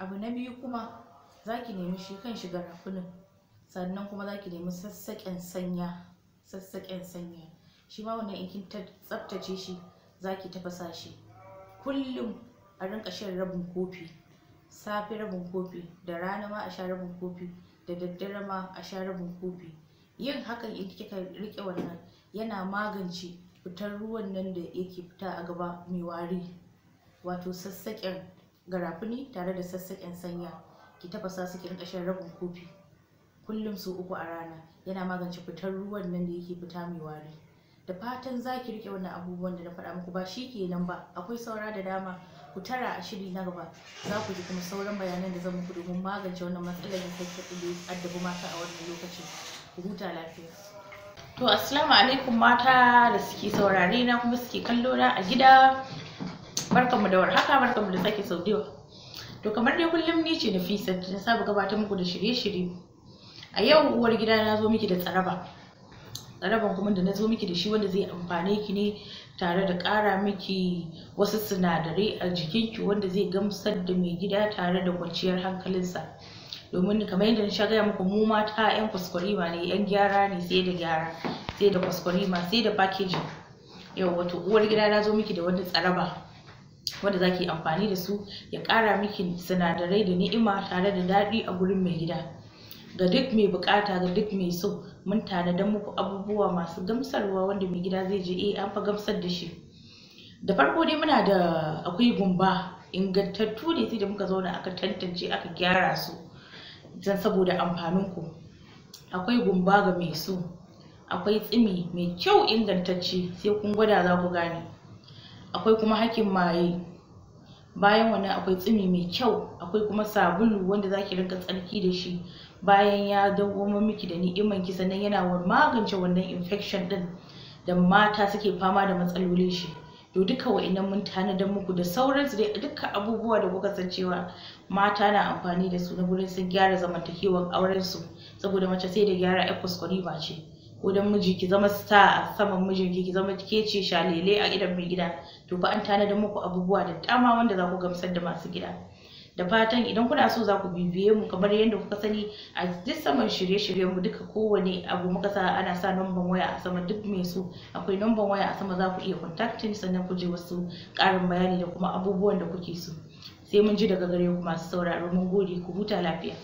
abu na biyu kuma za ki nemi shi kan shi garafunin sannan kuma za ki nemi sassaƙen sanya sassaƙen sanya shi ma wannan in ta tsaftace shi za ki tafasa shi kullum a rinka shan rabin kofi safe rabin kofi da rana ma a sha rabin kofi da daddare ma a sha rabin kofi yin hakan in kika riƙe wannan yana magance fitar ruwan nan da yake fita a gaba mai wari wato sassaƙen garafuni tare da sassaƙen sanya ki tafasa su ki rinka shan rabin kofi kullum su uku a rana yana magance fitar ruwan nan da yake fita mai wari da fatan za ki rike wannan abubuwan da na faɗa muku ba shi kenan ba akwai saura da dama ku tara a shiri na gaba za ku ji kuma sauran bayanan da zan muku domin magance wannan matsalar da take da addabi mata a wannan lokacin ku huta lafiya to assalamu alaikum mata da suke saurare na kuma suke kallo na a gida barkanmu da warhaka barkanmu da sake saudewa to kamar dai kullum ni ce na fisa na saba gabatar muku da shirye-shirye a yau uwar gida na zo miki da tsaraba tsaraban kuma da na zo miki da shi wanda zai amfane ki ne tare da ƙara miki wasu sinadarai a jikinki wanda zai gamsar da mai gida tare da kwanciyar hankalinsa domin kamar yadda na sha gaya muku mu mata 'yan kwaskwarima ne 'yan gyara ne sai da gyara sai da kwaskwarima sai da packaging yau wato uwar gida na zo miki da wani tsaraba wanda za ki amfani da su ya ƙara miki sinadarai da ni'ima tare da daɗi a gurin mai gida ga duk mai bukata ga duk mai so mun da muku abubuwa masu gamsarwa wanda mai gida zai je eh an fa gamsar da shi da farko dai muna da akwai gumba ingantattu ne sai da muka zauna aka tantance aka gyara su don saboda amfanin ku akwai gumba ga mai so akwai tsimi mai kyau ingantacce sai kun gwada za ku gane akwai kuma hakin maye bayan wannan akwai tsumi mai kyau akwai kuma sabulu wanda zaki rinka tsarki da shi bayan ya dawwamar miki da ni'iman ki sannan yana magance wannan infection din da mata suke fama da matsalolin shi to duka wa'innan mun da muku da sauran su dai duka abubuwa da kuka san cewa mata na amfani da su na gurin sun gyara zamantakewar auren su saboda mace sai da gyara ƴar ba ce kodan miji ki zama star a saman mijinki ki zama ke ce shalele a idan mai gida to fa an tanada muku abubuwa da dama wanda za ku gamsar da masu gida da fatan idan kuna so za ku bibiye mu kamar yadda kuka sani a duk saman shirye-shiryen mu duka kowane abu muka sa ana sa numban waya a sama duk mai so akwai numban waya a sama za ku iya contacting sannan ku je wasu karin bayani da kuma abubuwan da kuke so sai mun ji daga gare ku masu sauraro mun gode ku huta lafiya